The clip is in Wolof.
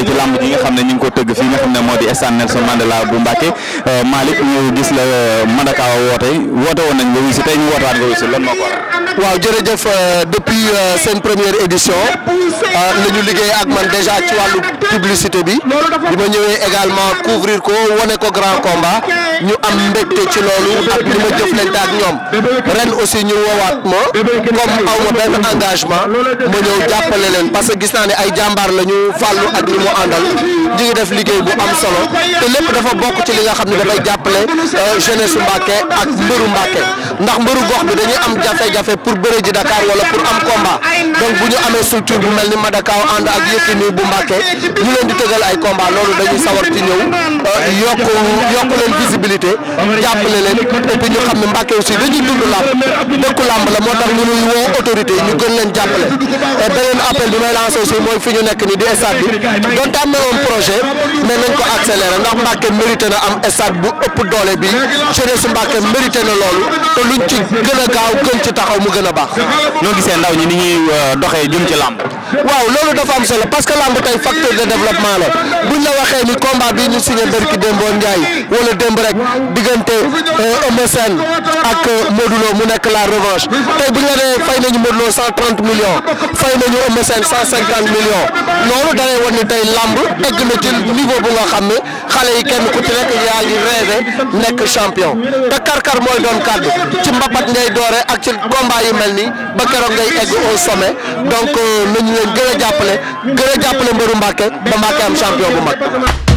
jàppante ci làmb ji nga xam ne ñu ngi ko tëgg fii nga xam ne moo di stade Nelson Mandela bu Mbàkke euh, Malick ñu gis la euh, Madaka woote woote woon nañ nga wuy si tey ñu wootaat nga wuy si lan moo ko waral waaw jërëjëf euh, depuis seen première édition la liggéey ak man déjà ci wàllu publicité bi bi ma ñëwee également couvrir ko wane ko grand combat ñu am mbégte ci loolu ak li ma jëflante ak ñoom ren aussi ñu woowaat ma comme aw ma benn engagement ma ñëw jàppale mu àndal ñu ngi def liggéey bu am solo te lépp dafa bokk ci li nga xam ne dafay jàppale euh, jeunesse su Mbàkke ak mbëru Mbàkke ndax mbëru gox bi dañuy am jafe-jafe pour bëre ji Dakar wala pour am combat donc bu ñu amee structure bu mel ni Madakaw ànd ak Yékini bu Mbàkke ñu leen di tëgal ay combat loolu dañuy sawar ci ñëw euh, yokk yokk leen visibilité jàppale leen et puis ñu xam ne Mbàkke aussi dañuy dund làmb dëkku làmb la moo tax ñu nuy woo autorité ñu gën leen jàppale appel bi may lancé aussi mooy fi ñu nekk ni di stade bi donte am na woon projet mais nañ ko accéléré ndax Mbacke mérité na am stade bu ëpp doole bi jeunesse Mbacke mérité na loolu te luñ ci gën a gaaw gën ci taxaw mu gën a baax. noo gisee ndaw ñi ni ñuy euh, doxee jëm ci làmb. waaw loolu dafa am solo parce que lamb tey facteur de développement la buñ la waxee ni combat bi ñu signé Berki Dembo Ndiaye wala démb rek diggante euh, Eumeu Sène ak euh, Modou mu nekk la revanche tey buñ la nee fay nañu Modou Lo fay nañu Eumeu Sène loolu da lay ni tey lamb egg na ci niveau bu nga xam ne xale yi kenn ku ci nekk yaa ngi nekk champion te karkar mooy doon kàddu ci mbapat ngay doore ak ci combat yu mel nii ba keroog ngay egg leen gën a jàppale gën a jàppale mbëru Mbàkke ba Mbàkke am champion bu mag